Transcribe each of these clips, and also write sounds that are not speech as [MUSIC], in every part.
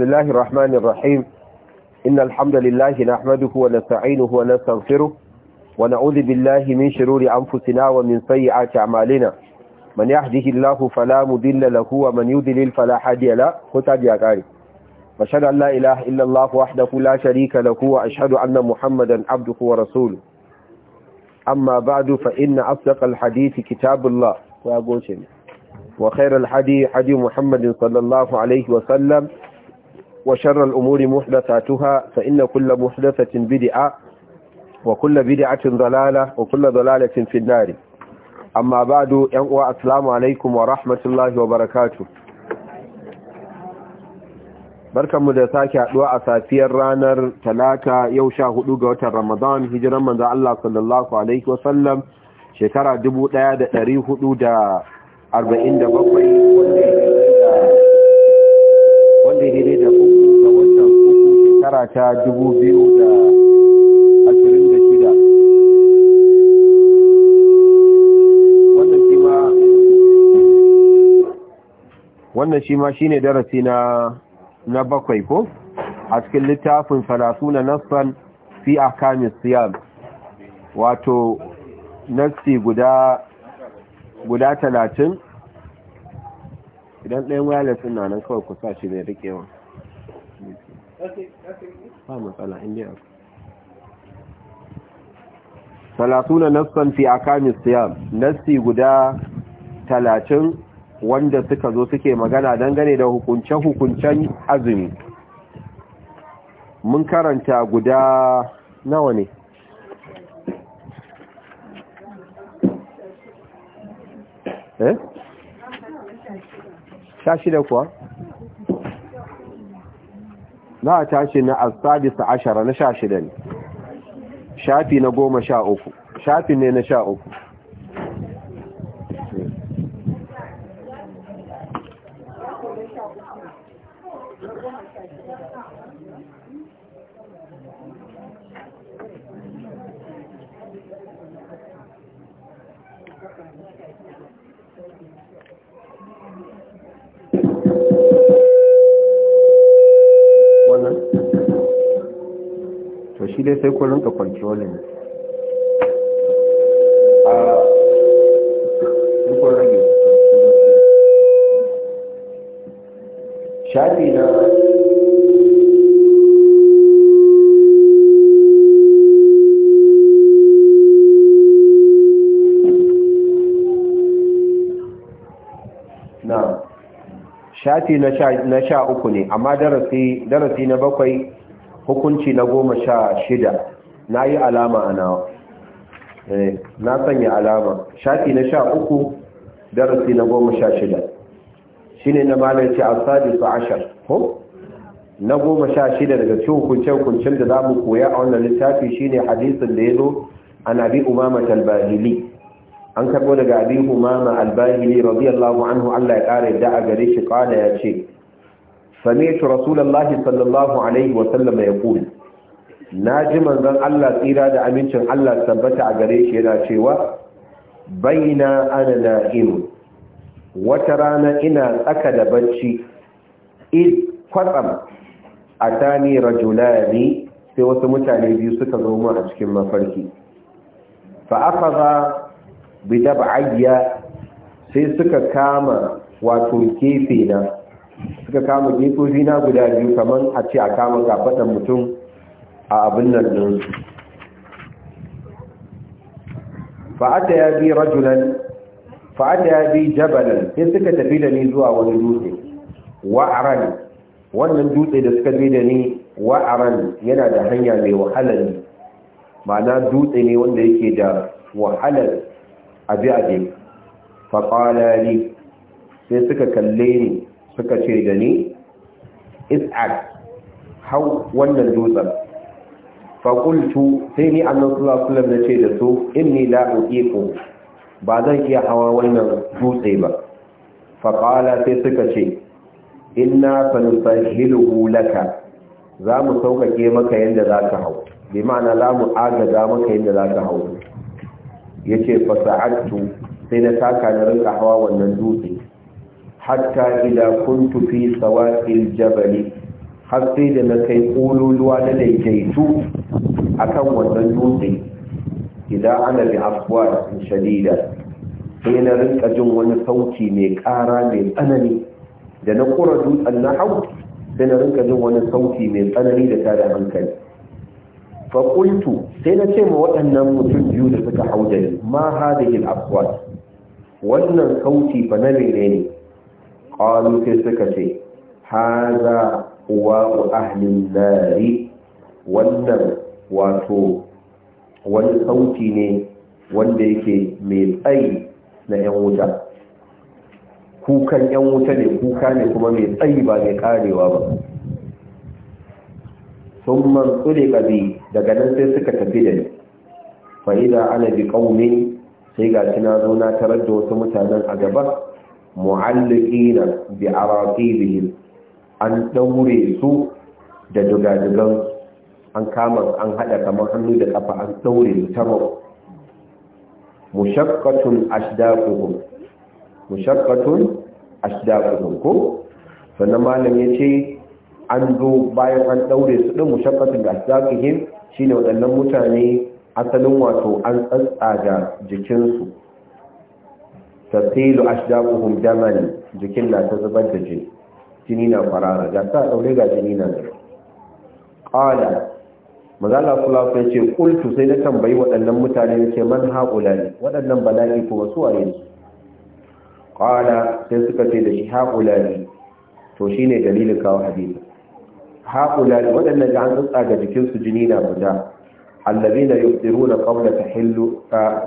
بسم الله الرحمن الرحيم إن الحمد لله نحمده ونستعينه ونستغفره ونعوذ بالله من شرور أنفسنا ومن سيئات أعمالنا من يهده الله فلا مضل له ومن يضلل فلا هادي له ختاب يا قاري واشهد أن لا إله إلا الله وحده لا شريك له وأشهد أن محمدا عبده ورسوله أما بعد فإن أصدق الحديث كتاب الله وأقول وخير الحديث حديث محمد صلى الله عليه وسلم وشر الأمور محدثاتها فإن كل محدثة بدعة وكل بدعة ضلالة وكل ضلالة في النار أما بعد ينقوى السلام عليكم ورحمة الله وبركاته barkan mu da sake haduwa a safiyar ranar talata yau sha hudu ga watan ramadan hijiran manzo Allah sallallahu alaihi wasallam shekara 1447 wanda ya ta dubu wannan shi ma shi ne darasi na bakwai ko a cikin littafin salatu na nassan fi a kamis wato nassi guda talatin idan ɗayan wireless na nan kawai ku shi mai rikewa ba matsala talatuna nassan fi akamis siyam nassi guda talatin wanda suka zo suke magana dangane da hukunce-hukuncen azumi mun karanta guda nawa ne eh sha kuwa za a tashi na asadisa ashara na sha shida ne shafi na goma sha uku shafi ne na sha uku shafi na sha uku ne amma darasi na bakwai hukunci na goma sha shida na yi alama a nawa eh, na sanya alama shafi na sha uku darasi na goma sha shida shi ne na malarci a sadisu ashar ko na goma sha shida daga cikin hukuncin-hukuncin da za mu koya a wannan littafi shi ne hadisun da ya zo a nabi umar matalbajili an karbo daga abi humama albahili radiyallahu anhu Allah ya kare da a gare shi kana ya ce sami'tu rasulullahi sallallahu alaihi wa sallam Na ji manzon Allah tsira da amincin Allah tabbata a gare shi yana cewa baina ana na'im wata rana ina tsaka da bacci id kwatsam atani rajulani sai wasu mutane biyu suka zo mu a cikin mafarki fa akhadha bidab'ayya sai suka kama wato kefe na suka kama gefofi na guda biyu kamar a ce a kama gafaɗan mutum a abin nan ɗin fa'ata ya bi rajulan fa'ata ya bi jabalan sai suka tafi da ni zuwa wani dutse wa'aran wannan dutse da suka bi da ni wa'aran yana da hanya mai wahalar ma'ana dutse ne wanda yake da wahalar abi abi faƙala ni sai suka kalle ni suka ce da ni is'ad hau wannan dutsen faƙultu sai ni annan sulasulam na ce da su inni la'uƙi ku ba zan iya hawa wannan dutse ba faƙala sai suka ce inna fanusahiluhu laka za mu sauƙaƙe maka yadda za ka hau bi ma'ana za mu agaza maka yadda za ka hau yace fasa'atu sai na taka na rinka hawa wannan dutse hatta idan kun tufi sawaqil jabal har sai da na kai ƙululuwa na daidaitu akan wannan dutse idan ana bi afwa shadida sai na rinka jin wani sauti mai ƙara mai tsanani da na ƙura dutsen na hau sai na rinka jin wani sauti mai tsanani da tada hankali faƙultu sai na ce ma waɗannan mutum biyu da suka hau da ma yin aswat wannan kauti ba na rere ne ƙwaru sai suka ce haza uwa ahlin nari wannan wato wani sauti ne wanda yake mai tsayi na 'yan wuta kukan 'yan wuta ne kuka ne kuma mai tsayi ba mai karewa ba sun man tsule ƙabi daga nan sai suka tafi da ni fa idza ana bi qaumi sai ga na zo na tarar da wasu mutanen a gaba mu'alliqina bi araqibihim an daure su da dugadugan an kama an hada kamar hannu da kafa an daure su ta mushaqqatun ashdaquhum mushaqqatun ashdaquhum ko sannan malam yace an zo bayan an daure su din mushaqqatun ashdaquhum Shi ne waɗannan mutane asalin wato an tsatsa ga jikinsu tasilu ashdaquhum damani jikin na ta zubar da jini jini na farara ga ta daure ga jini na da Ƙala. mazala sallallahu ya ce ƙultu sai na tambayi waɗannan mutane ce man ne waɗannan bala'i kuma su waye su Ƙala, sai suka ce da shi ne to shi ne dalilin kawo hadisi haƙula da waɗanda ga an tsutsa ga jikinsu jini na guda allabi na yuftiru na ƙabla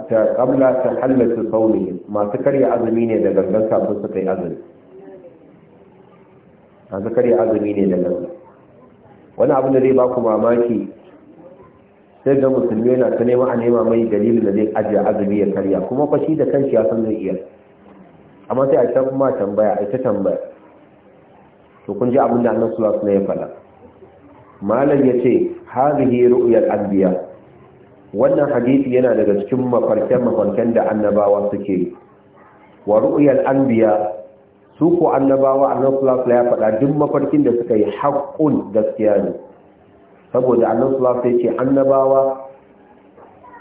ta hallata sauni masu karya azumi ne da gangan kafin su kai azumi masu karya azumi ne da gangan wani abin da zai ba ku mamaki sai ga musulmi yana ta nema a nema mai dalilin da zai ajiye azumi ya karya kuma kwashi da kanshi ya san zai iya amma sai a can kuma tambaya a ita tambaya to kun ji abin da annan sulasu ne ya fada malam ya ce hadhihi ru'yar anbiya wannan hadisi yana daga cikin mafarkan mafarkan da annabawa suke wa ru'yar anbiya su ko annabawa a sallallahu alaihi ya faɗa duk mafarkin da suka yi haƙƙun gaskiya ne saboda annabawa sallallahu alaihi ce annabawa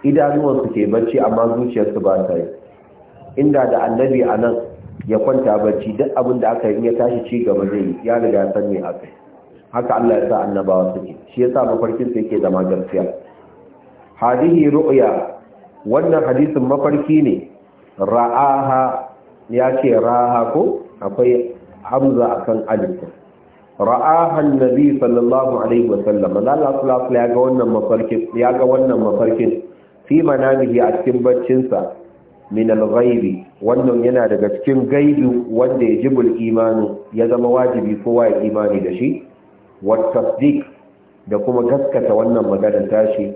idanuwansu ke bacci amma zuciyarsu ba ta yi inda da annabi a nan ya kwanta bacci duk abin da aka yi ya tashi ci gaba zai ya riga san me aka haka Allah ya sa annabawa suke shi yasa mafarkin su yake zama gaskiya hadihi ru'ya wannan hadisin mafarki ne ra'aha ya ce raha ko akwai hamza akan alif ra'aha annabi sallallahu alaihi wasallam Allah sallallahu ya ga wannan mafarkin ya ga wannan mafarkin fi manamihi a cikin baccinsa min al-ghaibi wannan yana daga cikin gaibi wanda yajibul imanu ya zama wajibi kowa ya imani da shi والتصديق da kuma gaskata wannan maganar tashi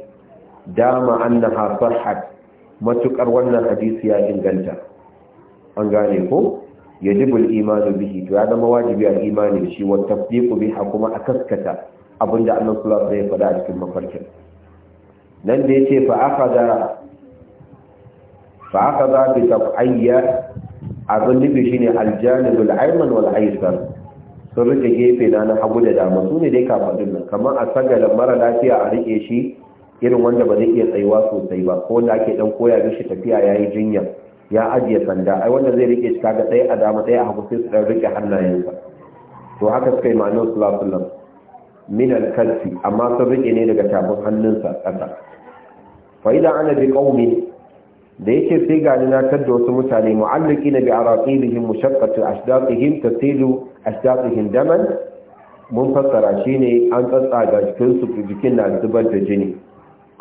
dama annaha sahhat matukar wannan hadisi ya inganta an gane ko yajibul imanu bihi to ya zama wajibi al imani shi wa tasdiqu biha kuma a gaskata abinda annabi sallallahu alaihi wasallam ya faɗa a cikin mafarkin nan da yace fa akhadha fa akhadha bi tab'iyya abin nufi shine aljanibul ayman wal aysar sun rike gefe na na hagu da dama su ne dai kafadun nan kamar a sagalin mara lafiya a rike shi irin wanda ba zai iya tsayuwa sosai ba ko da ake dan koya mishi tafiya ya yi jinya ya ajiye sanda ai wanda zai rike shi kaga ɗaya a dama ɗaya a hagu sai su ɗan rike hannayensa to haka suka yi ma'anar sallallahu min al amma sun rike ne daga tafin hannunsa ƙasa Fa'ida ana bi ƙaumi da yake sai gani na tadda wasu mutane mu'allaki na bi araqilihim mu ashdatihim tasilu ashtaqihin daman mun fassara ne an tsatsaga jikin su jikin na zubar da jini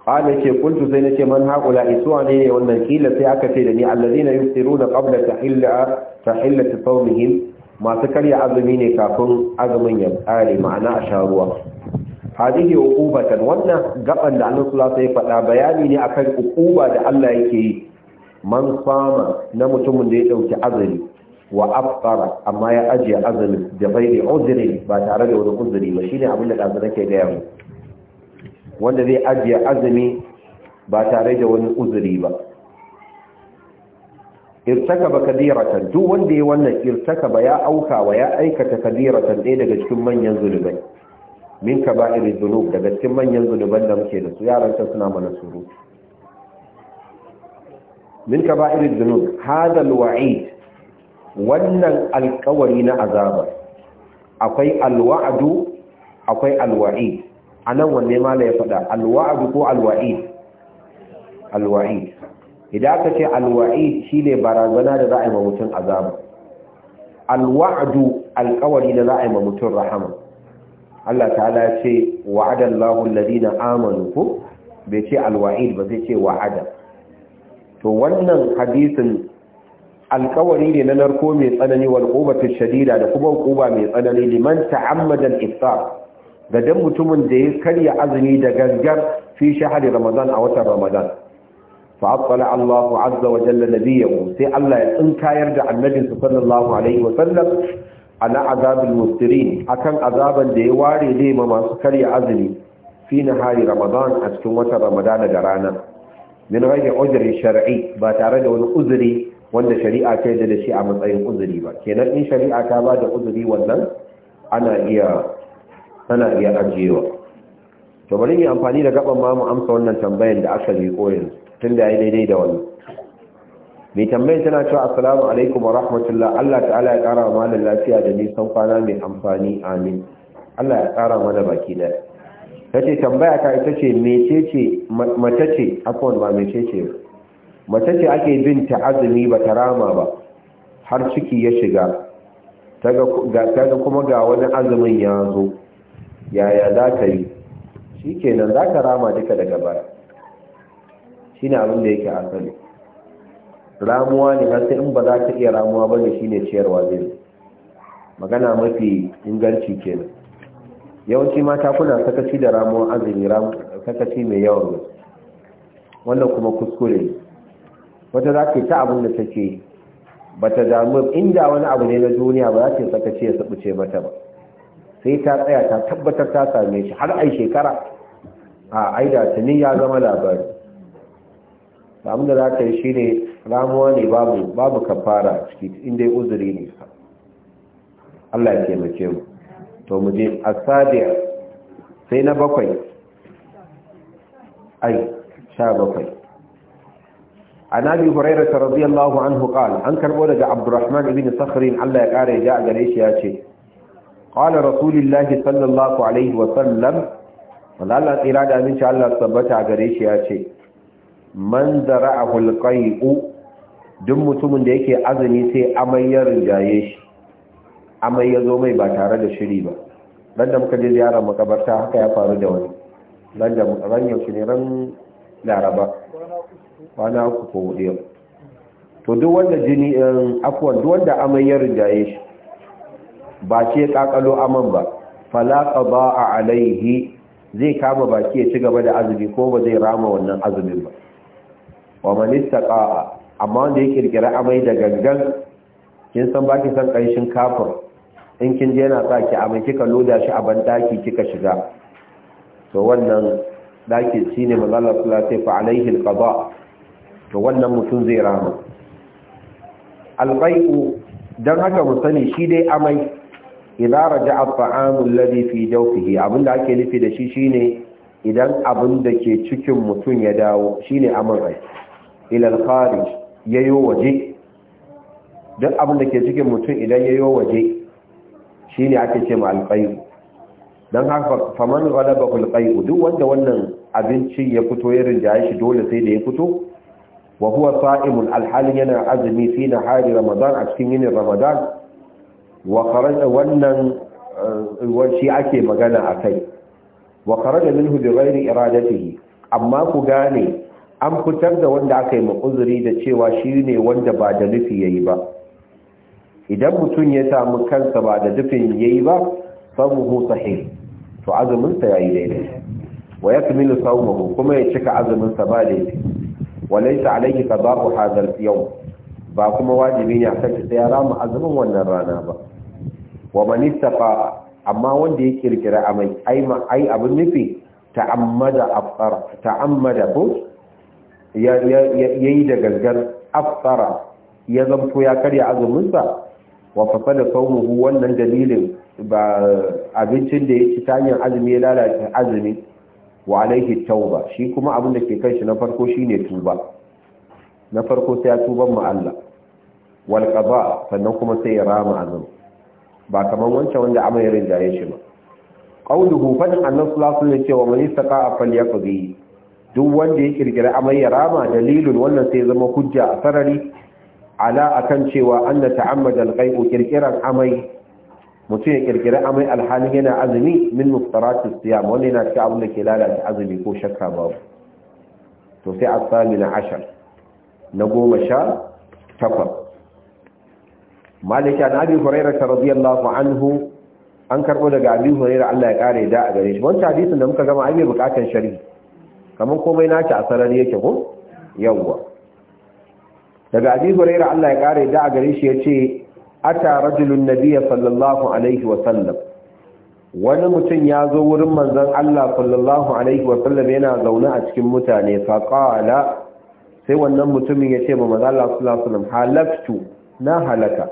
qala ce kuntu sai nace man haula isuwa ne wannan kila sai aka ce da ni alladina yufsiruna qabla tahilla tahillati sawmihim masu karya azumi ne kafin azumin ya kare ma'ana a sha ruwa hadihi uqubatan wannan gaban da Allah sallallahu alaihi faɗa bayani ne akan uƙuba da Allah yake yi man fama na mutumin da ya ɗauki azumi wa afsara amma ya ajiye azumi da bai da uzuri ba tare da wani uzuri ba shine abin da ɗazu nake ga mu wanda zai ajiye azumi ba tare da wani uzuri ba irtakaba kabiratan duk wanda ya wannan irtakaba ya auka wa ya aikata kabiratan ɗaya daga cikin manyan zulubai min kaba'ir dhunub daga cikin manyan zunuban da muke da su yaran ta suna mana suru min kaba'ir dhunub hada waid wannan alkawari na azaba akwai alwa'adu akwai alwa'id anan wanne ma ya faɗa alwa'adu ko alwa'id alwa'id idan aka ce alwa'id shine barazana da za a yi ma mutum azaba alwa'adu alkawari da za a yi ma mutum rahama Allah ta'ala ya ce wa'adallahu alladhina amanu ko bai ce alwa'id ba sai ce wa'ada to wannan hadisin alkawari ne na narko mai tsanani wal qubatu shadida da kuma quba mai tsanani liman ta'ammada al-iftar da dan mutumin da ya karya azumi da gangar fi shahri ramadan a watan ramadan fa attala Allah azza wa jalla nabiyahu sai Allah ya tsinkayar da annabi sallallahu alaihi wa sallam ala azabil mustirin akan azaban da ya ware dai ma masu karya azumi fi nahari ramadan a cikin watan ramadan da rana min rage ujri shar'i ba tare da wani uzuri wanda shari'a ta yadda da shi a matsayin uzuri ba kenan in shari'a ta ba da uzuri wannan ana iya ana iya ajiyewa to bari ni amfani da gaban mamu amsa wannan tambayar da aka yi koyin tun da ya daidai da wannan mai tambayar tana cewa assalamu alaikum wa rahmatullah Allah ta'ala ya kara wa malam lafiya da nisan kwana mai amfani amin Allah ya kara mana baki daya ce tambaya ta ita ce mecece mace ce akwai ba mecece ba mace ce ake bin ta azumi ba ta rama ba har ciki ya shiga taga kuma ga wani azumin ya zo yaya za ta yi shi kenan za ta rama duka daga baya shi ne abin da yake asali ramuwa ne har sai in ba za ta iya ramuwa ba ne shi ne ciyarwa zai magana mafi inganci kenan yawanci mata kuna sakaci da ramuwa azumi sakaci mai yawan wannan kuma kuskure wata za ta yi ta abin da ta ce ba ta damu inda wani abu ne na duniya ba za ta yi sakaci ya sabuce mata ba sai ta tsaya ta tabbatar ta same shi har ai shekara a aida tuni ya zama labari abin da za ta yi shi ne ramuwa ne babu kafara fara ciki inda uzuri ne Allah ya taimake mu to mu je asadiya sai na bakwai ai sha bakwai an abi hurairah radiyallahu anhu qala an karɓo daga abdurrahman ibn sakhrin Allah ya kare ja gare shi ya ce qala rasulullahi sallallahu alaihi wa sallam wanda Allah tsira da aminci Allah tabbata gare shi ya ce man zara'ahu alqai'u duk mutumin da yake azumi sai amai ya rinjaye shi amai ya zo mai ba tare da shiri ba ran da muka je ziyarar makabarta haka ya faru da wani ran yaushe ne ran laraba kwana uku ko hudu yau to duk wanda jini eh, afuwan duk wanda amai ya rinjaye shi ba ce kakalo aman ba falaka ba a alaihi zai kama baki ya ci gaba da azumi ko ba zai rama wannan azumin ba wa manista ƙa'a amma wanda ya kirkira amai da gangan kin san baki san ƙarshen kafin in kin je yana sa ki amai kika loda shi a bandaki kika shiga to wannan daki shine manzala sallallahu alaihi fa alaihi to wannan mutum zai rama alƙai'u don haka mu sani shi dai amai idan raja alfa'amun ladi fi jaufihi abinda ake nufi da shi shine idan abin da ke cikin mutum ya dawo shine aman rai ilal kharij yayo waje don abin da ke cikin mutum idan yayo waje shine ake ce ma alqayu dan haka faman ghalaba alqayu duk wanda wannan abincin ya fito ya rinjaye shi dole sai da ya fito wa huwa sa'imun alhali yana azumi fi nahari ramadan a cikin yinin ramadan wa kharaja wannan eh, shi ake magana a kai wa kharaja minhu bi ghairi iradatihi amma ku gane an fitar da wanda aka yi mu uzuri da cewa shi ne wanda ba da nufi yayi ba idan mutum ya samu kansa ba da nufin yayi ba sabuhu sahih to azumin sa yayi daidai wa yakmilu sawmuhu kuma ya cika azumin sa ba daidai walaisa alayhi qada'u hadha al-yawm ba kuma wajibi ne a kanki sai ya rama azumin wannan rana ba wa man amma wanda ya kirkira amai ai ai abin nufi ta'ammada ko ya yi da gangar afsara ya zanto ya karya azumin sa wa fasada sawmuhu wannan dalilin ba abincin da ya ci ta hanyar azumi ya lalata azumi wa alaihi tauba shi kuma abin da ke kanshi na farko shine tuba na farko sai ya tuban ma Allah wal qada sannan kuma sai ya rama azum ba kaman wancan wanda amai rinjaye shi ba qauluhu fadin annabi sallallahu alaihi wasallam cewa man istaqa falyaqdi duk wanda ya kirkira amai ya rama dalilun wannan sai ya zama hujja a sarari ala akan cewa anna ta'ammada alqai'u kirkiran amai mutum ya kirkiri amai alhalin yana azumi min muftaratu siyam wanda yana cikin abin da ke lalata azumi ko shakka babu to sai a sami na ashar na goma sha takwas malika na abin hurairar ta radiyallahu anhu an karɓo daga abin hurairar allah ya ƙara da a gare shi wancan hadisin da muka gama an yi buƙatar shari'i kamar komai naci a sarari yake ko yawwa daga abin hurairar allah ya ƙara da a gare shi ya ce ata rajulun nabiyya sallallahu alaihi wa sallam wani mutum ya zo wurin manzon Allah sallallahu alaihi wa sallam yana zaune a cikin mutane fa qala sai wannan mutumin ya ce ma manzon Allah sallallahu alaihi wa sallam halaftu na halaka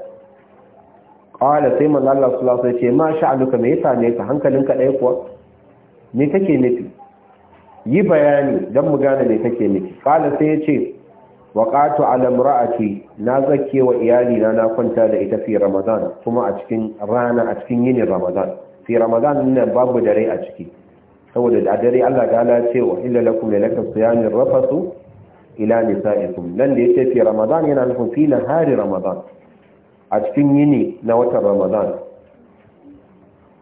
qala sai manzon Allah sallallahu alaihi wa sallam ya ce ma sha'aluka me yasa ne ka hankalinka dai kuwa me kake nufi yi bayani don mu gane me kake nufi qala sai ya ce waƙatu alamra'ati na zake wa iyalina na kwanta da ita fi ramadan kuma a cikin rana a cikin yinin ramadan fi ramadan nan babu dare a ciki saboda da dare Allah ta'ala ce wa illa lakum lailatul siyami rafasu ila ikum, nan da yace fi ramadan yana nufin fi hari ramadan a cikin yini na watan ramadan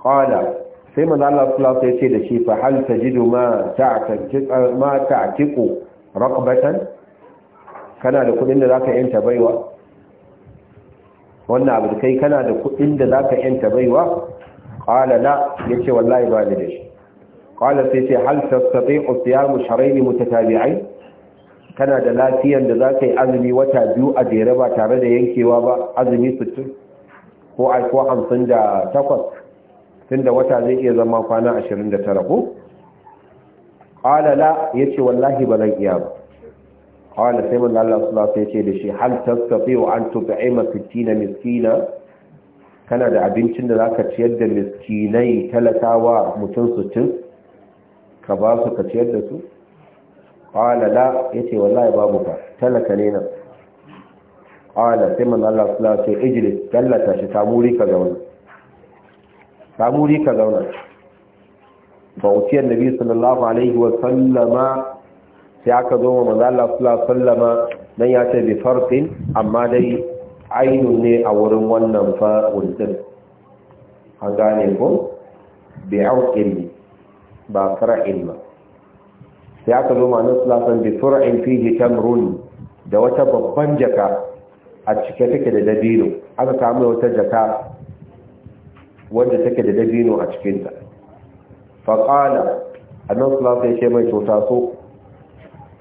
qala sai manzo Allah sallallahu alaihi ya ce da shi fa hal ji ma ta'tiqu ma ta'tiqu raqbatan kana da kudin da zaka yanta baiwa wannan abu kai kana da kudin da zaka yanta baiwa qala la yace wallahi ba da shi qala sai ce hal tastati'u siyamu sharayn mutatabi'ain kana da lafiyan da zaka yi azumi wata biyu a jere ba tare da yankewa ba azumi 60 ko ai ko 58 tunda wata zai iya zama kwana 29 ko qala la yace wallahi ba zan iya ba qala sai manzo Allah sallallahu alaihi wasallam da shi hal tastati'u an tut'ima 60 miskina kana da abincin da zaka ciyar da miskinai talatawa mutum su cin ka ba su ka ciyar da su qala la yace wallahi babu fa talaka ne nan qala sai manzo Allah sallallahu alaihi wasallam ijlis dallata shi samuri ka zauna samuri ka zauna fa utiyar nabi sallallahu alaihi wasallama sai aka zo wa manzo Allah sallallahu alaihi wasallama dan ya ce bi farqin amma dai ainun ne a wurin wannan fa wurin an gane ko bi auqin ba fara ba sai aka zo manzo sallallahu alaihi wasallam bi fi fihi tamrun da wata babban jaka a cike take da dabino aka samu wata jaka wanda take da dabino a cikinta faƙala annan sulasa ya ce mai tota so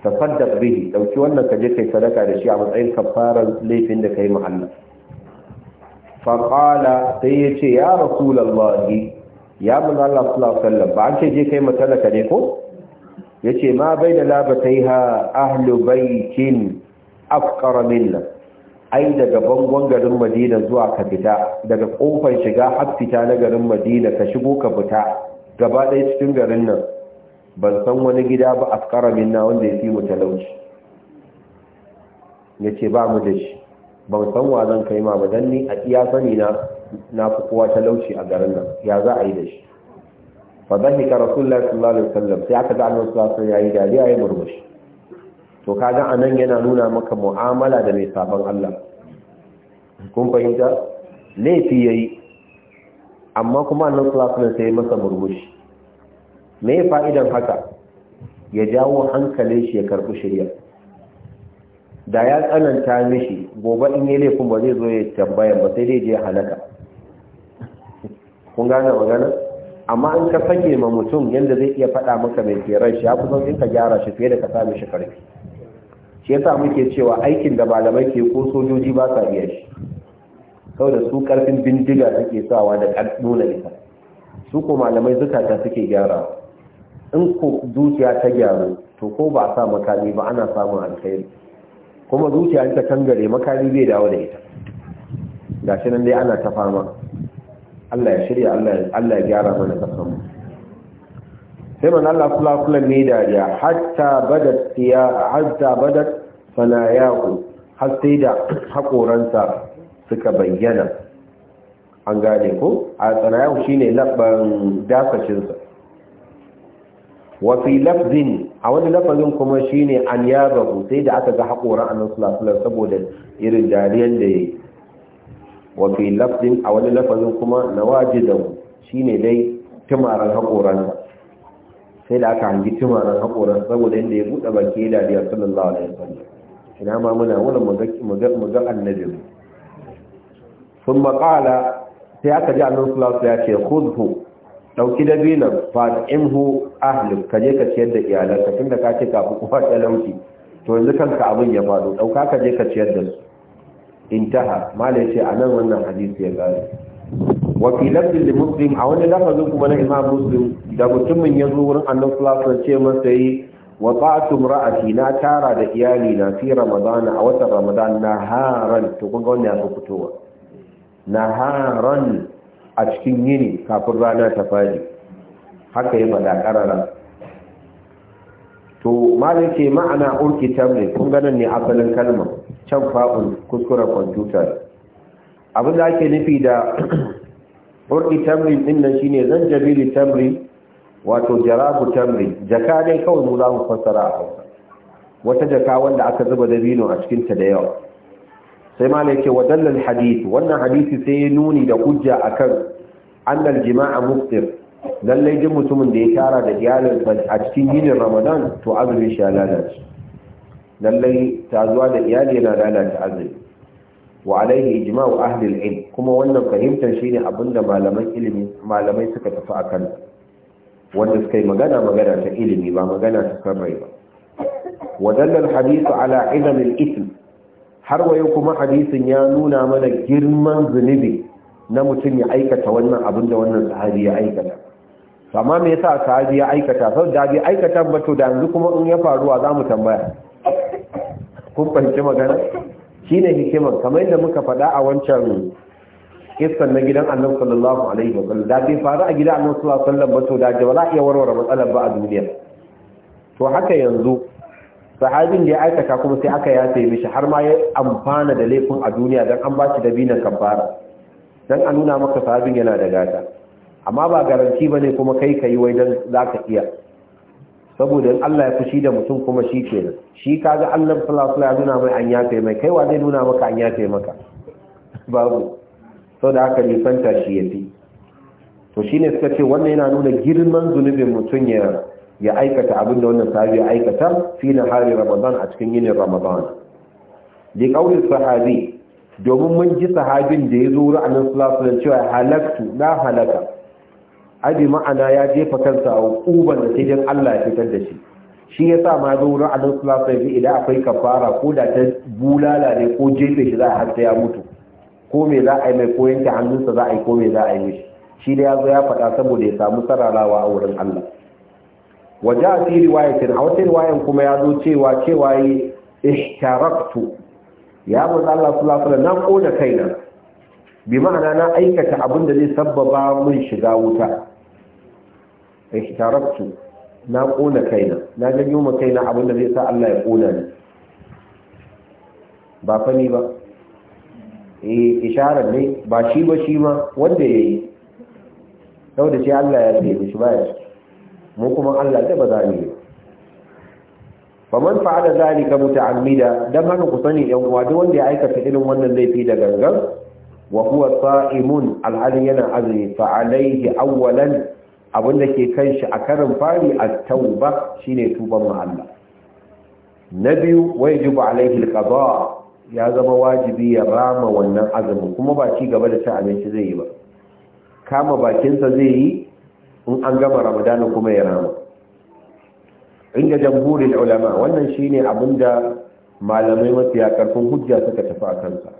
tafaddaq bihi dauki wannan ka je kai sadaka da shi a matsayin kafaran laifin da kai muhalla fa qala sai yace ya rasulullahi ya manzo Allah sallallahu alaihi wasallam ba an je kai matalaka ne ko yace ma bai da labataiha ahlu baitin afqar minna ai daga bangon garin Madina zuwa ka fita daga kofar shiga har fita na garin Madina ka shigo ka fita gaba ɗaya cikin garin nan ban san wani gida ba a afkara minna wanda ya fi mu talauci ya ce ba mu da shi ban san wa zan kai ma ba don ni a iya sani na na fi kowa talauci a garin nan ya za a yi da shi fa dhahika rasulullahi sallallahu alaihi sallam sai aka ga annabi sallallahu ya yi yayi dariya ya murmushi to kaga nan yana nuna maka mu'amala da mai sabon Allah kun fahimta laifi yi. amma kuma a nan alaihi wasallam sai masa murmushi me fa'idan haka ya jawo hankalin shi ya karɓi shirya da ya tsananta mishi gobe in yi laifin ba zai zo ya tambaya ba sai dai je halaka kun gane magana amma in ka sake ma mutum yadda zai iya faɗa maka mai keran shi ya fi sauƙin ka gyara shi fiye da ka sami shi karfi shi yasa muke cewa aikin da malamai ke ko sojoji ba sa iya shi da su karfin bindiga suke sawa da nuna ita su ko malamai zukata suke gyarawa in ko zuciya ta gyaru to ko ba a sa makami ba ana samun alkhairi kuma zuciya ta tangare makami bai dawo da ita gashi nan dai ana ta fama Allah ya shirya Allah ya gyara mana kasanmu sai man Allah kula kula ne dariya hatta badat tiya hatta badat fanayahu har sai da hakoransa suka bayyana an gane ko a tsanayahu shine labban dakacin sa wa fi lafzin a wani lafazin kuma shi ne an yabahu sai da aka ga haƙoran annabi sallallahu alaihi saboda irin dariyan da ya wa fi lafzin a wani lafazin kuma na waje da shi ne dai tumaran haƙoran, sai da aka hangi tumaran haƙoran saboda inda ya bude baki da dariya sallallahu alaihi wasallam ina ma muna wannan magana magana annabi Sun قال sai aka ji annan sulasu ya ce khudhu dauki dabinan fa'imhu ahli ka je ka ciyar da iyalanka tunda ka ce ka kuwa lauki to yanzu kanka abin ya faɗo dauka ka je ka ciyar da su intaha malai ce nan wannan hadisi ya gari wa fi lafzin li muslim a wani lafazin kuma na imam muslim da mutumin ya zo wurin annabi sallallahu alaihi ce masa yi wa ta'atu ra'ati na tara da iyali na fi ramadan a watan ramadan haran to kun ga wannan ya fitowa naharan a cikin yini kafin rana ta fadi haka yi faɗa ƙarara to mali ce ma'ana urki tamri, kun ganin ne asalin kalmar can fa'un kuskuren kwamfutar abin da ake nufi da [CLEARS THROAT] urki tamri din nan shine jabili tamri wato jarabu tamri jaka ne kawai mu za mu fassara a hausa wata jaka wanda aka zuba dabino a cikinta da yawa sai malai yake wa dallal hadith wannan hadisi sai ya nuni da hujja akan annal jima'a muftir lallai jin mutumin da ya tara da iyalinsa a cikin yinin ramadan to azumi shi ya lalace lallai tazuwa da iyali yana lalata azumi wa alaihi ijma'u ahli al-ilm kuma wannan fahimtar shine abinda malaman ilimi malamai suka tafi akan wanda suka yi magana magana ta ilimi ba magana ta karrai ba wa dallal ala idam al-ithm har wayo kuma hadisin ya nuna mana girman zunubi na mutum ya aikata wannan abin da wannan sahabi ya aikata amma me yasa sahabi ya aikata sau da bai aikata ba to da yanzu kuma in ya faruwa za mu tambaya kun fahimci magana shine hikimar kamar yadda muka faɗa a wancan kissan na gidan annabi sallallahu alaihi wa sallam da bai faru a gidan annabi sallallahu alaihi wa sallam ba to da ba za a iya warware matsalar ba a duniya to haka yanzu sahabin da ya aikata kuma sai aka yafe mishi har ma ya amfana da laifin a duniya don an ba shi binan kamfara don a nuna maka sahabin yana da gata amma ba garanti ba ne kuma kai ka yi wai don za ka iya saboda Allah ya fushi da mutum kuma shi nan shi kaga Allah fulafula ya nuna mai an yafe mai kai wa zai nuna maka an yafe maka [LAUGHS] babu da haka nisanta shi ya fi. to ne suka ce wannan yana nuna girman zunubin mutum ya ya aikata abin da wannan sahabi ya aikata fi na hari ramadan a cikin yinin ramadan da kawai sahabi domin mun ji sahabin da ya zo ra'anin sulasulan cewa halaktu na halaka abi ma'ana ya jefa kansa a ƙuban da ta don allah ya fitar da shi shi ya sa ma zo ra'anin sulasulan fi idan akwai kafara ko da ta bulala ne ko jefe shi za a ya mutu ko me za a yi mai ko yanke hannunsa za a yi ko me za a yi mishi shi da ya zo ya faɗa saboda ya samu sararawa a wurin allah waje a fi riwayatin a wata riwayan kuma ya zo cewa cewa yi ishtaraktu ya mun Allah sula na kona kaina bi ma'ana na aikata abin da zai sabbaba mun shiga wuta ishtaraktu na kona kaina na janyo ma kaina abin da zai sa Allah ya ƙona ni ba fa ni ba E, isharar ne ba shi ba shi ma wanda ya yayi da shi Allah ya ce shi ba ya mu kuma Allah ta ba za mu yi faman fa'ala zalika muta'ammida dan haka ku sani yan uwa duk wanda ya aikata irin wannan laifi da gangan wa huwa sa'imun al'ali yana azumi fa alayhi awwalan da ke kan shi a karin fari at-tauba shine tuban mu Allah na biyu wai wajibu alaihi al-qada ya zama wajibi ya rama wannan azumin kuma ba ci gaba da cin abinci zai yi ba kama bakinsa zai yi in an gama ramadana kuma ya rama inda jamhurin ulama wannan shine da malamai mafiya karfin hujja suka tafi a kansa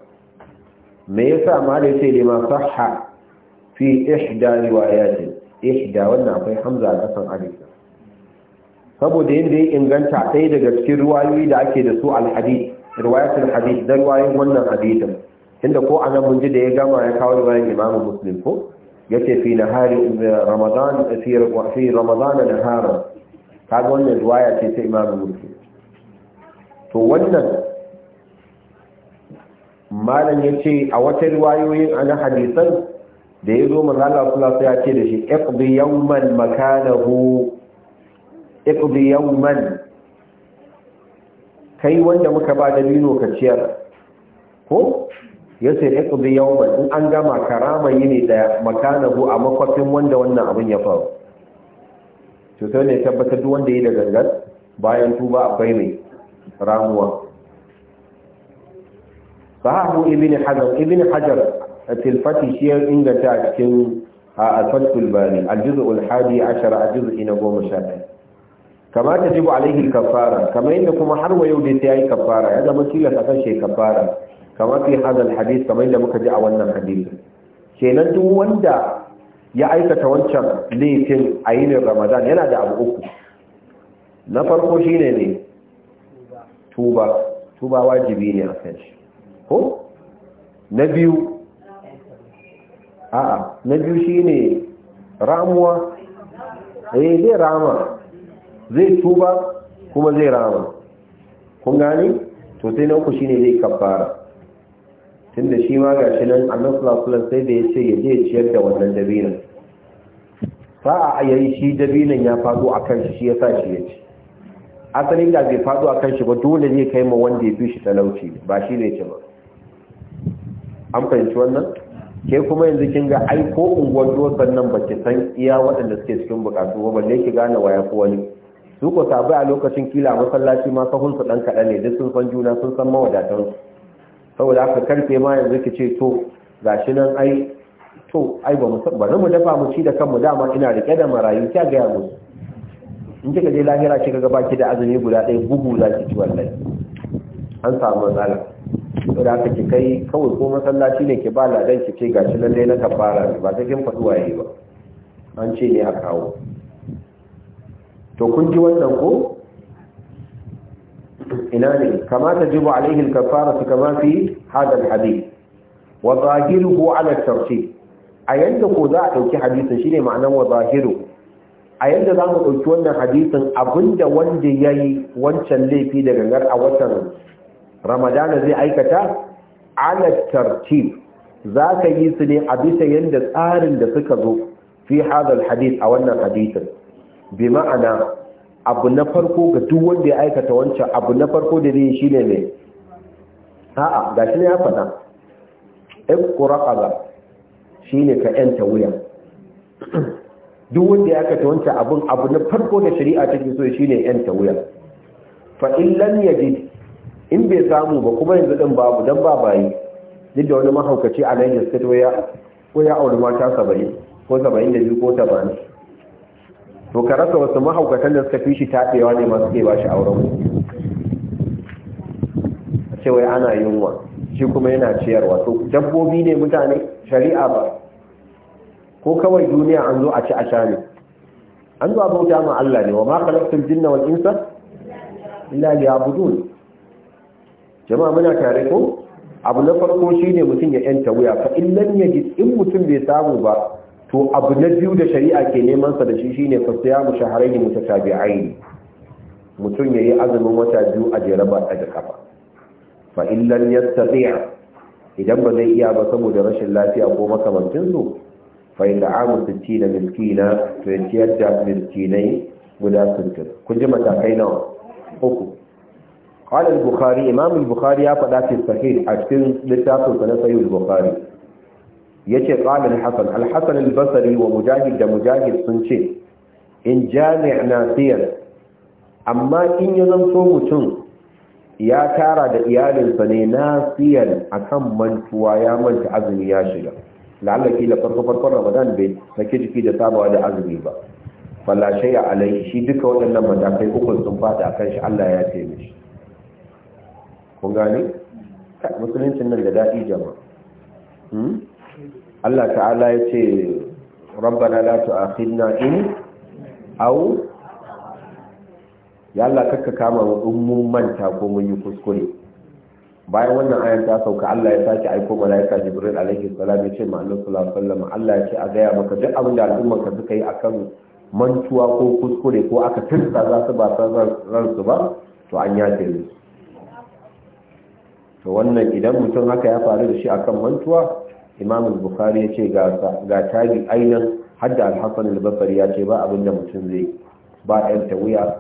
me yasa malai sai lima sahha fi ihda riwayatin ihda wannan akwai hamza a kasan alif saboda yadda ya inganta sai daga cikin ruwayoyi da ake da su alhadith riwayatul hadith da riwayoyin wannan hadithin inda ko anan mun ji da ya gama ya kawo ruwayan imamu muslim ko yace fi nahari ramadan fi fi ramadan nahara kaga wannan riwaya ce ta imamu muslim to wannan malam yace a wata riwayoyin ana hadisan da yazo manzo Allah sallallahu ya ce da shi iqdi yawman makanahu iqdi yawman kai wanda muka ba da bino ka ciyar ko ya ce ya ƙubi yawon in an gama karama yi ne da makanahu a makwafin wanda wannan abin ya faru cutar ne tabbatar duk wanda ya da gangan bayan tuba akwai mai ramuwa sahabu ibn hajar ibn hajar tilfati shi ya inganta a cikin alfatul bari aljuzul hadi ashara aljuz'i ina goma sha ɗaya kama ta jibu alaihi kafara kamar yadda kuma har wa yau da ta yi kafara ya zama tilas kan shi kafara kama fi hadal hadis kamar yadda muka ji a wannan hadisi kenan duk wanda ya aikata wancan laifin a yinin ramadan yana da abu uku na farko shine ne tuba tuba wajibi ne a kan shi ko na biyu a'a na biyu shine ramuwa eh zai rama zai tuba kuma zai rama kun gani to sai na uku shine zai kafara tunda shi ma ga shi nan annan sulasulan sai da ya ce ya je ciyar da wannan dabinan sa'a a yayi shi dabinan ya faɗo a kan shi ya sa shi ya ci asalin da bai faɗo a kan shi ba dole zai kai ma wanda ya fi shi talauci ba shi ne ci ba an fahimci wannan ke kuma yanzu kin ga ai ko unguwar dosan nan ki san iya waɗanda suke cikin bukatu ba balle ki gane waya ko wani su ko sabai a lokacin kila masallaci ma sahun su dan kaɗan ne duk sun san juna sun san mawadatan saboda aka karfe ma yanzu ka ce to shi nan ai to ai ba mu mu dafa mu ci da kanmu dama ina rike da marayu kya ga mu in kika je lahira kika ga baki da azumi guda ɗaya bugu za ki ci wallahi an samu matsala to da kake kai kawai ko masallaci ne ki ba ladan ki ce gashi nan dai na kafara ba ta kin faɗi waye ba an ce ne a kawo to kun ji wannan ko ina ne kama tajibu alaihi al-kafaratu kama fi hadha al-hadith wa zahiruhu ala a yanda ko za a dauki hadisin shine ma'anar wa zahiruhu a yadda za mu ɗauki wannan hadisin abinda wanda ya yi wancan laifi daga gar a watan ramadana zai aikata alat tartib za ka yi su ne a bisa yadda tsarin da suka zo fi hadal hadis a wannan hadisin bi ma'ana abu na farko ga duk wanda ya aikata wancan abu na farko da zai shi ne mai a'a ga shi ne ya faɗa ƙuraƙa ƙuraƙaza shi ne ka ‘yanta wuya duk wanda ya aikata wancan abu abu na farko da shari'a take so shi ne ‘yanta wuya fa'in lan ji in bai samu ba kuma yanzu ɗin babu don ba bayi duk da wani mahaukaci a nan ya ko ya auri mata saba'in ko saba'in da biyu ko saba'in to ka rasa wasu mahaukatan da suka fi shi taɓewa ne masu ke ba shi auren mu a ce wai ana yunwa shi kuma yana ciyarwa to dabbobi ne mutane shari'a ba ko kawai duniya an zo a ci a sha ne an zo a bauta ma Allah ne wa ma khalaqtul jinna wal insa illa liya'budun jama'a muna tare ko abu na farko shine mutum ya yanta wuya fa in lam yajid in mutum bai samu ba to abu na biyu da shari'a ke neman sa da shi shine fasiyamu shahrayn mutatabi'ain mutum yayi azumin wata biyu a jere ba daga kafa fa in lam yastati' idan ba zai iya ba saboda rashin lafiya ko makamancin su fa in da'amu 60 miskina to yaciyar da miskinai guda 60 kun ji matakai nawa uku قال البخاري امام البخاري يا فدا في الصحيح اكن لتاكل سنه صحيح البخاري Ya ce al Hassan, al-hasan wa mujahid da mujahid sun ce in na siyar, amma in ya zanto mutum ya tara da iyalinsa ne nasiyan akan mantuwa ya manta azumi ya shiga la'alla da farko farkon ramadan bai sake jiki da sabawa da azumi ba falla shay'a alaiki, shi duka waɗannan matakai uku sun fada kan shi Allah ya ce mishi kun gane musuluncin nan da daɗi jama'a hmm? Allah ta'ala ya ce rabbana la tu'akhidna in aw ya Allah kakka kama mu in mun manta ko mun yi kuskure bayan wannan ayan ta sauka Allah ya sake aiko malaika Jibril alaihi salam ya ce ma Allah sallallahu alaihi wasallam Allah ya ce a gaya maka duk abin da al'ummar ka suka yi akan mantuwa ko kuskure ko aka tunta za su ba san su ba to an ya musu to wannan idan mutum haka ya faru da shi akan mantuwa imam bukhari ya ce ga tabi ainihin hadda alhassan albasari ya ce ba abin da mutum zai ba ɗan wuya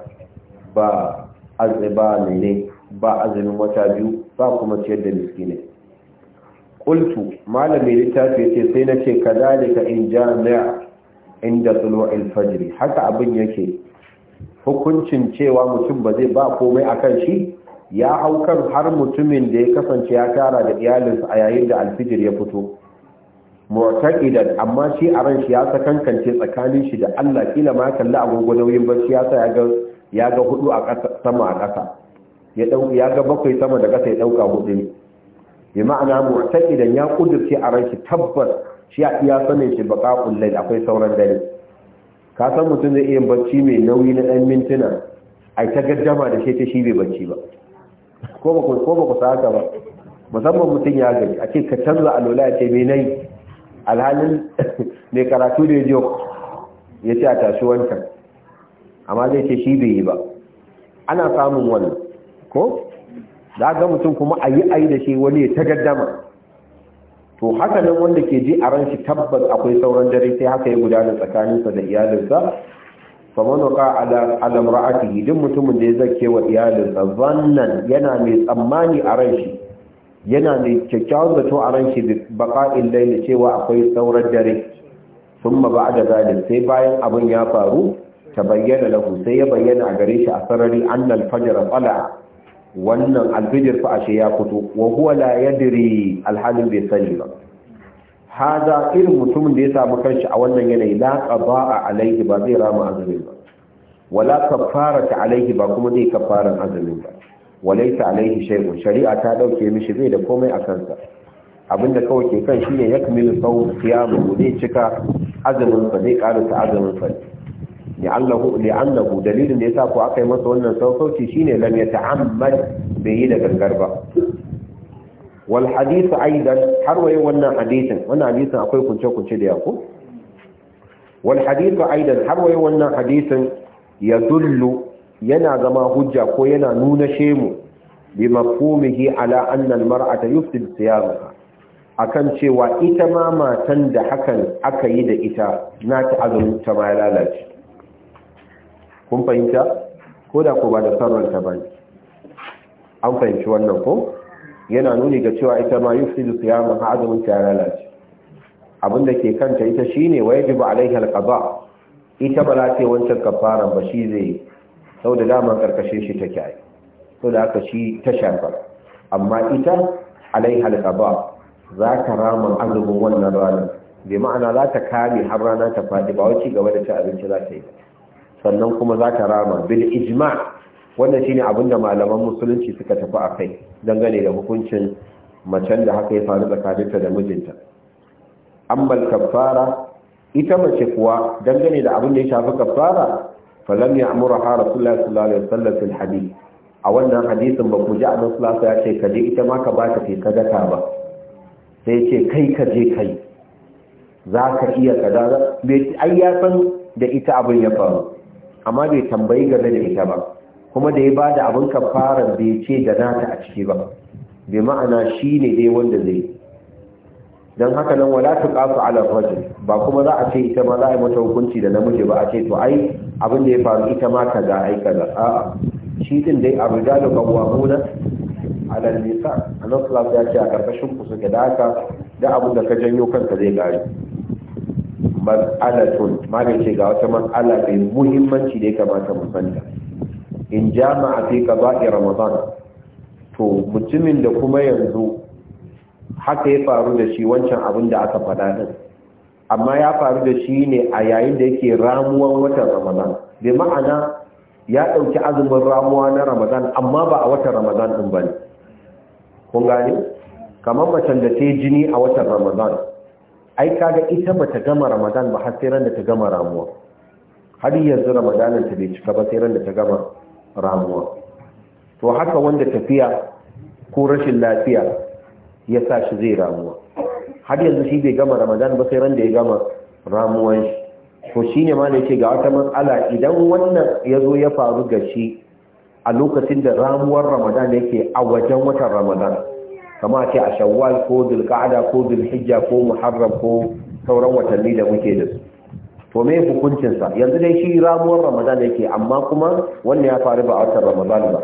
ba azaba ne ba azumin wata biyu ba kuma ciyar da ne. qultu malami littafi yace sai nace kadalika in jami'a inda tulu'il fajr haka abin yake hukuncin cewa mutum ba zai ba komai akan shi ya hau har mutumin da ya kasance ya tara da iyalinsa a yayin da alfijir ya fito mu'taqidan amma shi a ran shi ya sa kankance tsakanin shi da Allah kila ma kalla agogo nauyin shi ya sa ya ga ya hudu a ƙasa sama a ƙasa ya ya ga bakwai sama da ƙasa ya dauka hudu ne bi ma'ana idan, ya kudurce a ran shi tabbas shi a iya sanin shi baqa'ul layl akwai sauran dare ka san mutum zai iya bacci mai nauyi na dan mintuna ai ta gaddama da shi ta shi bai bacci ba ko ba ko ba ku saka ba musamman mutum ya gaji a ce ka canza alola ya ce mai nayi alhalin [LAUGHS] mai karatu da ya ya ce a tashi wancan amma zai ce shi bai yi ba ana samun wani. ko za ga mutum kuma a yi ayi da shi wani ya ta gaddama to haka nan wanda ke ji a ran shi tabbas akwai sauran dare sai haka ya gudana tsakaninsa da iyalinsa famano waka alamra'ati duk mutumin da ya zake wa iyalinsa zannan yana mai tsammani a ran shi yana da kyakkyawan zato a ran shi baka da cewa akwai sauran dare sun ba da zalim sai bayan abin ya faru ta bayyana lahu sai ya bayyana a gare shi a sarari annal fajar tsala wannan alfijir fa ashe ya fito wa huwa la yadri alhalin bai sani ba hada irin mutumin da ya samu kanshi a wannan yanayi la qada'a alaihi ba zai rama azumin ba wala kafarata alaihi ba kuma zai kafaran azumin ba walaita alaihi shay'un shari'a ta dauke mishi bai da komai a kansa abinda kawai ke kan shine yakmilu sawm qiyamu ne cika azumin sa zai ƙara ta azumin sa ne li'annahu dalilin da yasa ko aka yi masa wannan saukauci shine lam yata'ammad bai yi da gangar ba wal hadith aidan har waye wannan hadithin wannan hadithin akwai kunce kunce da yako wal hadith aidan har waye wannan hadithin yadullu yana zama hujja ko yana nuna shemu bi mafhumihi ala anna almar'ata yufsid siyamaha akan cewa ita ma matan da hakan aka yi da ita na ta azumin ta ma lalace kun fahimta ko da ko ba da ta ba an fahimci wannan ko yana nuni ga cewa ita ma yufsidu siyamaha azumin ta lalace abin da ke kanta ita shine wajibu alaiha alqada ita ba za ta wancan kafaran ba shi zai sau da dama karkashe shi ta kyaye sau da aka shi ta shafa amma ita alai halkaba za ta rama azumin wannan ranar bai ma'ana za ta kame har rana ta faɗi ba wacce gaba da ta abinci za ta yi sannan kuma za ta rama bil ijma wannan shine abin da malaman musulunci suka tafi a kai dangane da hukuncin macen da haka ya faru tsakaninta da mijinta Ambal kaffara ita mace kuwa dangane da abin da ya shafi kaffara falam ya amura ha rasulullahi sallallahu alaihi wasallam fil hadith a wannan hadisin ba ku ji annabi sallallahu ya ce ka je ita ma ka ba ta kai ba sai ya ce kai ka je kai za ka iya kaza bai ai ya san da ita abin ya faru amma bai tambayi game da ita ba kuma da ya ba da abin fara bai ce da nata a ciki ba bai ma'ana shi ne dai wanda zai don haka nan wala tuqasu ala rajul ba kuma za a ce ita ma za a yi mata hukunci da namiji ba a ce to ai abin da ya faru ita ma ta ga ai kaza a'a shi din dai arrijalu qawwamuna ala nisa annabi sallallahu ya ce a karkashin ku suke da haka da abin da ka janyo kanka zai gari mas'alatun malam ce ga wata mas'ala mai muhimmanci da ya kamata mu sani in jama'a fi qada'i ramadan to mutumin da kuma yanzu haka ya faru da shi wancan abin da aka faɗa din amma ya faru da shi ne a yayin da yake ramuwan watan ramadan bai ma'ana ya ɗauki azumin ramuwa na ramadan amma ba a watan ramadan ɗin ba ne kun gani kamar macen da ta yi jini a watan ramadan ai kaga ita ba ta gama ramadan ba har sai ran da ta gama ramuwa har yanzu ramadanin ta bai cika ba sai ran da ta gama ramuwa to haka wanda tafiya ko rashin lafiya ya sa shi zai ramuwa har yanzu shi bai gama ramadan ba sai ran da ya gama ramuwan shi to shine ma ne ce ga wata matsala idan wannan ya zo ya faru ga shi a lokacin da ramuwar ramadan yake a wajen watan ramadan kama ce a shawwal ko zulqa'ada ko zulhijja ko muharram ko sauran watanni da muke da su to me hukuncin sa yanzu dai shi ramuwar ramadan yake amma kuma wannan ya faru ba a watan ramadan ba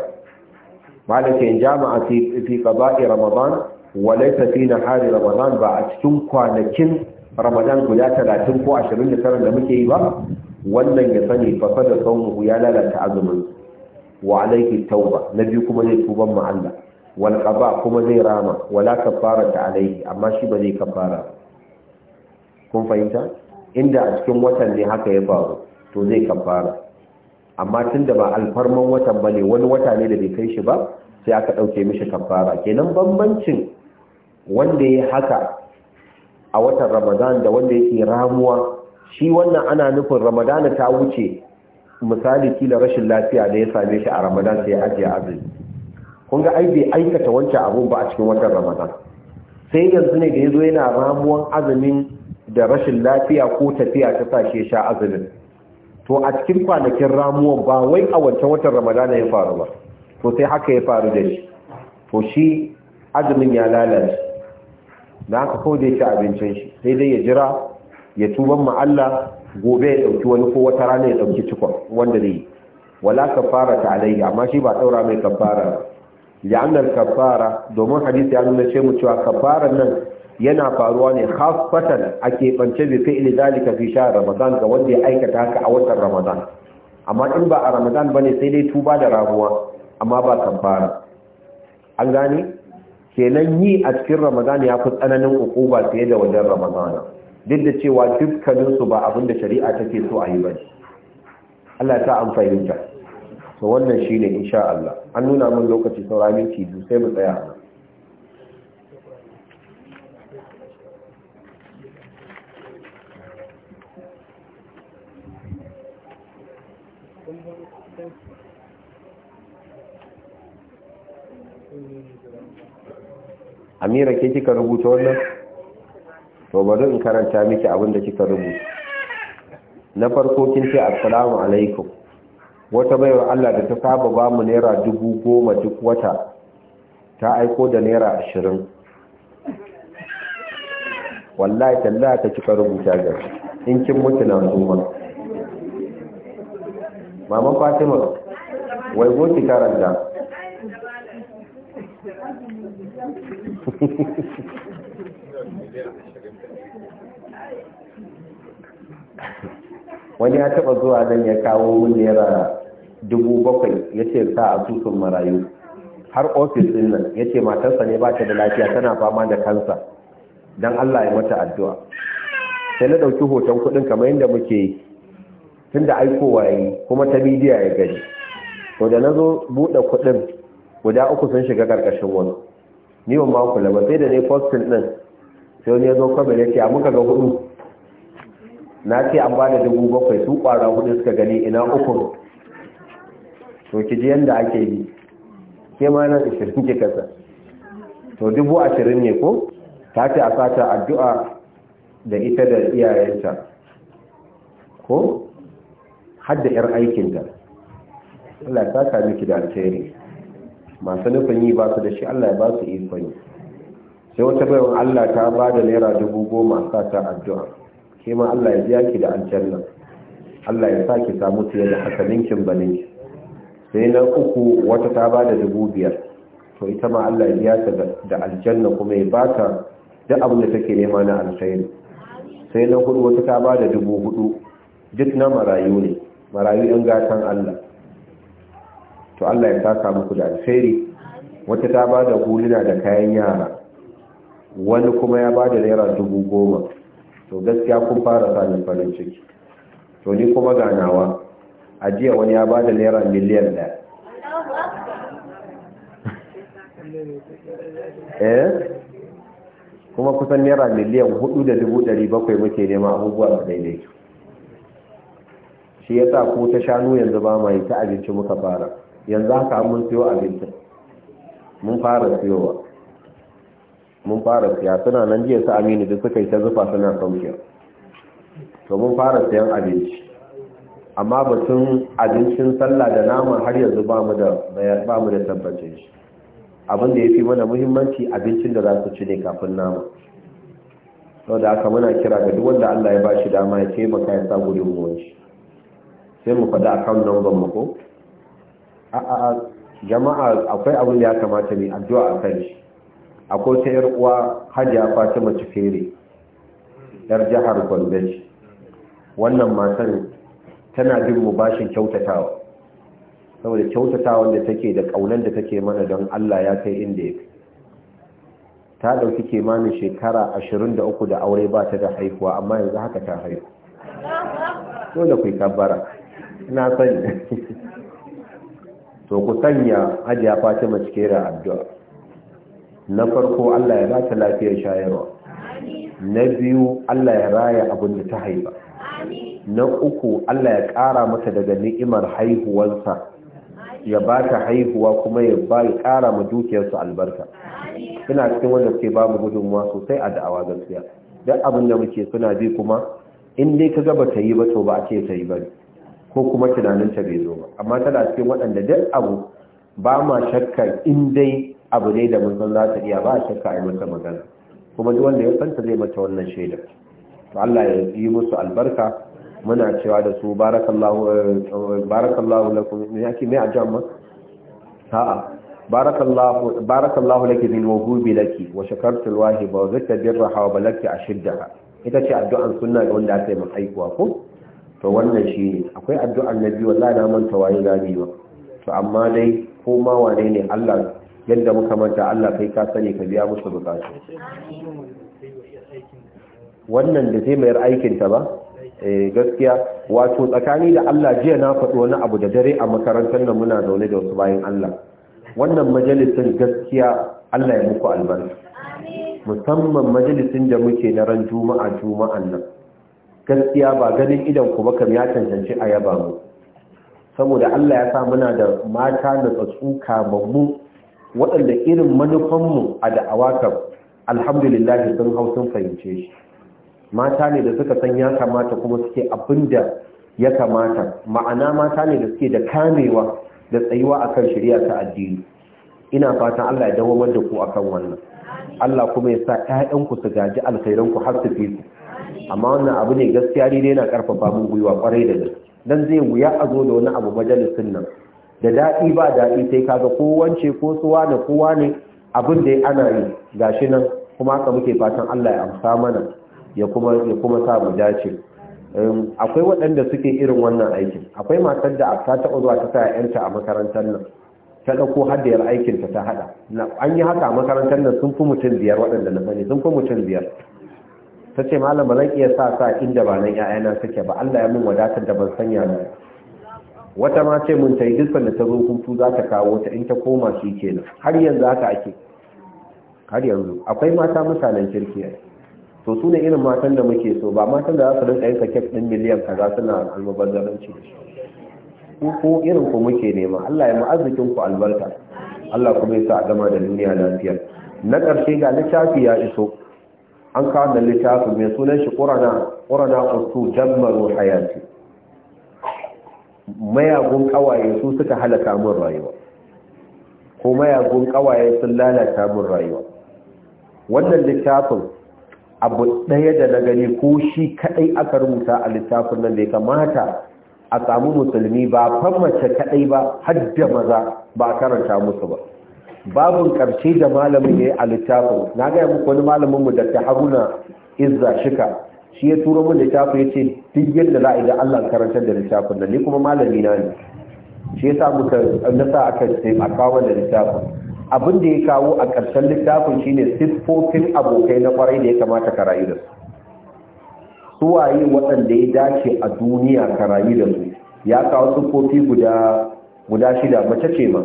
malaka in jama'a fi fi qada'i ramadan walaita fi hari ramadan ba a cikin kwanakin ramadan guda talatin ko ashirin da tara da muke yi ba wannan ya sani fasa da saunuhu ya lalata azumin wa alaiki tauba na biyu kuma zai tuban ma'alla Allah wal qaba kuma zai rama wala kafara ta alaiki amma shi ba zai kafara kun fahimta inda a cikin watan ne haka ya faru to zai kafara amma tunda ba alfarman watan bane wani wata ne da bai kai shi ba sai aka dauke mishi kafara kenan bambancin wanda ya haka a watan ramadan da wanda yake ramuwa shi wannan ana nufin Ramadan ta wuce misali kila rashin lafiya da ya same shi a ramadan sai ya ajiye azumi kun ga ai bai aikata wancan abun ba a cikin watan ramadan sai yanzu ne da ya zo yana ramuwan azumin da rashin lafiya ko tafiya ta sake sha azumin to a cikin kwanakin ramuwan ba wai a wancan watan Ramadan ya faru ba to sai haka ya faru da shi to shi azumin ya lalace da aka kawai da ya ci abincin shi sai dai ya jira ya tuba ma Allah gobe ya dauki wani ko wata rana ya dauki cikon wanda zai wala kafara ta alayhi amma shi ba daura mai kafara annal kafara domin hadisi ya nuna ce mu cewa kafaran nan yana faruwa ne khaffatan a keɓance bi fi'li zalika fi shahr ramadan ga wanda ya aikata haka a watan ramadan amma in ba a ramadan bane sai dai tuba da rabuwa amma ba kafara an gane kenan yi a cikin ramadan ya fi tsananin ukuba fiye da wajen ramadana duk da cewa dukkaninsu ba abin da shari'a take so a yi ba Allah ta amfani ta, to wannan shine insha Allah an nuna mun lokaci saura minti biyu sai mu tsaya Thank you. amira ke kika rubuta wannan to bari in karanta miki abin da kika rubuta na farko kin ce assalamu alaikum wata baiwa Allah da ta saba ba mu naira dubu goma duk wata ta aiko da naira ashirin wallahi talla ta kika rubuta ga in kin mutu na zuma mama fatima wai goki karanta [LAUGHS] wani ya taba zuwa nan ya kawo naira dubu bakwai ya ce sa a tutun marayu har ofis din nan ya ce matarsa ne ba ta da lafiya tana fama da kansa don Allah ya mata addu'a sai na ɗauki hoton kuɗin kamar yadda muke yi tun da aikowa yi kuma ta bidiya ya gani to da na zo buɗe kuɗin guda uku sun shiga ƙarƙashin wani ni ban ba kula ba sai da ne postin din sai wani ya zo kwabe ya ce a muka ga hudu na ce an ba da dubu bakwai su kwara hudu suka gani ina uku to ki ji yadda ake yi ke ma nan ashirin ke kasa to dubu ashirin ne ko ta ce a sata addu'a da ita da iyayenta ko har da 'yar aikinta Allah ya saka miki da alheri masu nufin yi ba su da shi Allah ya ba su ikon yi sai wata bayan Allah ta ba da naira dubu goma sa ta addu'a ke ma Allah ya biya ki da aljanna Allah ya sa ki samu fiye da haka ninkin ba sai na uku wata ta ba da dubu biyar to ita ma Allah ya biya ta da aljanna kuma ya ba ta da abin da take nema na alkhairi sai na hudu wata ta ba da dubu hudu duk na marayu ne marayu yan gatan Allah to Allah ya saka muku da alkhairi wata ta ba da huluna da kayan yara wani kuma ya ba da naira dubu goma to gaskiya kun fara sani farin ciki to ni kuma ganawa a jiya wani ya ba da naira miliyan ɗaya [LAUGHS] eh kuma kusan naira miliyan 4,700 da dubu ɗari bakwai muke nema abubuwa da daidai shi ya sa ku ta shanu yanzu ba mai ta abinci muka fara yanzu haka mun siyo abincin mun fara siyowa mun fara siya suna nan jiya su aminu duk suka yi ta zufa suna saukiya to mun fara siyan abinci amma batun abincin sallah da nama har yanzu ba mu da tabbacin shi abin da ya fi mana muhimmanci abincin da za su ci ne kafin nama sau da aka muna kira ga duk wanda allah ya ba shi dama ya maka ya sa gudun shi sai mu faɗi akan nan mu ko? A'a, jama'a akwai abin da ya kamata ne addu'a a kan shi akwai ta 'yar uwa hajiya fatima fere, yar jihar gombe wannan matan tana bin mu bashin kyautatawa saboda kyautatawa da take da kaunan da take mana don Allah ya kai inda ya ta dauki kimanin shekara 23 da aure ba ta da haihuwa amma yanzu haka ta haihu dole ku ina sani to ku sanya hajiya fatima cike da addu'a na farko Allah ya ba ta lafiyar shayarwa na biyu Allah ya raya abin da ta haifa na uku Allah ya ƙara mata daga ni'imar haihuwarsa ya ba ta haihuwa kuma ya ba ya ƙara ma dukiyarsu albarka Ina cikin wanda suke ba mu gudunmuwa sosai a da'awa gaskiya duk abin da muke suna bi kuma in dai ka gaba ta yi ba to ba a ce ta yi ba ko kuma tunaninta bai zo ba amma tana cikin waɗanda duk abu ba ma shakka in dai abu ne da musamman za ta iya ba a shakka a mata magana kuma duk wanda ya santa zai mata wannan shaidar to Allah ya yi musu albarka muna cewa da su barakallahu eh, barakallahu lakum me yake mai ajan ma barakallahu barakallahu laki bil mawhubi laki wa shakartul wahib wa zakka birraha wa balaki ashiddaha ita ce addu'an sunna ga wanda aka yi maka ko to wannan shi ne akwai addu'ar biyu wallah na manta waye gami ba to amma dai ko ma wane ne Allah yadda muka manta Allah kai ka sani ka biya musu bukatu wannan da zai mayar aikin ba eh, gaskiya wato tsakani da Allah jiya na faɗo wani abu da dare a makarantar nan muna zaune da wasu bayan Allah wannan majalisin gaskiya Allah ya muku albarka musamman majalisin da muke na ran juma'a juma'an nan gaskiya ba ganin idan ku bakam ya cancanci a yaba mu saboda Allah ya sa muna da mata da tsatsu kamammu waɗanda irin manufanmu a da'awa kam alhamdulillah sun hau sun fahimce shi mata ne da suka san ya kamata kuma suke abin ya kamata ma'ana mata ne da suke da kamewa da tsayuwa akan shari'a ta addini ina fatan Allah ya dawo da ku akan wannan Allah kuma ya sa ƴaƴanku su gaji alkhairanku har su fi amma wannan abu ne gaskiya ne yana karfafa mun gwiwa kwarai da gaske dan zai wuya a zo da wani abu majalisin nan da daɗi ba daɗi sai kaga ko wance ko suwa da kowa ne abin da ana yi gashi nan kuma haka muke fatan Allah ya amsa mana ya kuma ya kuma sa mu dace akwai waɗanda suke irin wannan aikin akwai matar da ta taɓa zuwa ta saya yanta a makarantar nan ta ɗauko haddiyar aikinta ta haɗa an yi haka a makarantar nan sun fi mutum biyar waɗanda na sani sun fi mutum biyar ta ce malam ba zan iya sa sa inda ba nan ƴaƴana suke ba Allah ya mun wadatar da ban sanya ba wata ma ce mun tayi dukkan da ta zo hutu za ta kawo ta in ta koma shi kenan har yanzu haka ake har yanzu akwai mata mutanen kirki to su ne irin matan da muke so ba matan da za su rinka yin kek din miliyan kaza suna almubazzaranci da ko irin ku muke nema Allah ya mu arzikin ku albarka Allah kuma ya sa a gama da duniya lafiya na ƙarshe ga littafi ya iso an kawo da littafin mai sunan shi ƙurana ƙurana ustu jammaru hayati mayagun ƙawaye su suka halaka mun rayuwa ko mayagun ƙawaye sun lalata mun rayuwa wannan littafin abu ɗaya da na gani ko shi kaɗai aka rubuta a littafin nan da ya kamata a samu musulmi ba fan mace kaɗai ba hadda maza ba a karanta musu ba babun ƙarshe da malamin ya yi a littafin na gaya muku wani malaminmu da ta haruna izza shika shi ya turo min littafin ya ce duk yadda za a idan allah karantar da littafin nan ni kuma malami na ne shi ya sa muka nasa aka ce a kawo da littafin abin da ya kawo a ƙarshen littafin shine siffofin abokai na kwarai da ya kamata ka rayu da su su waye waɗanda ya dace a duniya ka rayu da su ya kawo siffofi guda shida mace ce ma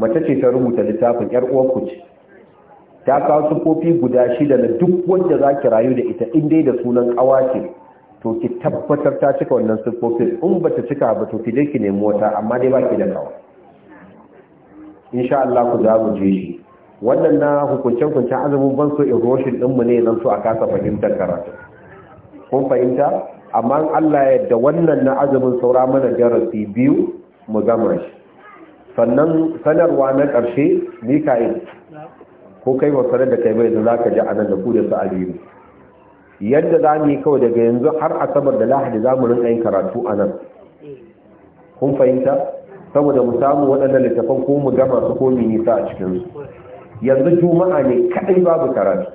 Mata ce ta rubuta littafin yar uwar ce ta kawo sufofi guda shida na duk wanda za ki rayu da ita in dai da sunan ƙawa ce to ki tabbatar ta cika wannan sufofin in ba ta cika ba to ki je ki nemi wata amma dai ba ki da ƙawa insha Allah ku za mu je shi wannan na hukunce-hukuncen azumin ban so din mu ne zan so a kasa fahimtar karatu kun fahimta amma Allah ya yarda wannan na azumin saura mana darasi biyu mu gama shi sannan sanarwa na ƙarshe kayi ko kai ba sanar da kai bai da za ka ji anan da ku da su yadda za mu yi kawai daga yanzu har asabar da lahadi za mu rinka yin karatu a nan kun fahimta saboda mu samu waɗannan littafan ko mu gama su ko mini nisa a cikinsu yanzu juma'a ne kaɗai babu karatu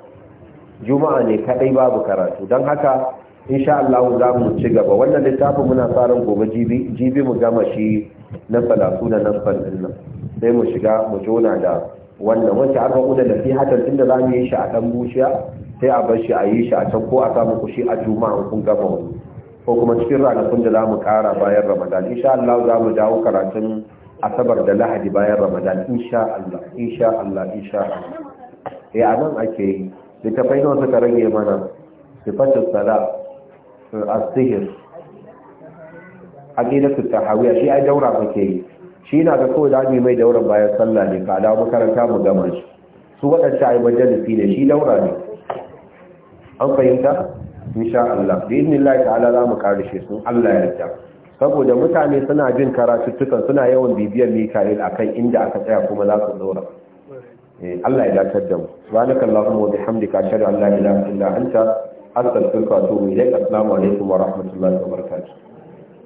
juma'a ne kaɗai babu karatu don haka insha Allah za mu ci gaba wannan littafin muna farin gobe jibi jibi mu gama shi na falasu da nan fannin nan sai mu shiga mu jona da wannan wacce aka kuda da fi hatar inda za mu yi shi a dan bushiya sai a bar shi a yi shi a can ko a samu kushi a juma'a kun gama wani ko kuma cikin ranakun da za mu kara bayan ramadan insha Allah za mu dawo karatun asabar da lahadi bayan ramadan insha Allah insha Allah insha Allah eh anan ake littafai nawa suka rage mana sifatul salat asihir aqidatu tahawiyya shi ai daura kake yi shi na ga kawai zamu mai daura bayan sallah ne ka dawo makaranta mu gama shi su wadanda ai majalisi ne shi daura ne an fahimta insha Allah bi idnillahi ta'ala za mu karishe su Allah ya yarda saboda mutane suna jin karatuttukan suna yawan bibiyar Mika'il akan inda aka tsaya kuma za su daura Allah ya dace da mu subhanakallahumma wa bihamdika ashhadu an la ilaha illa anta أستغفرك وأتوب إليك السلام عليكم ورحمة الله وبركاته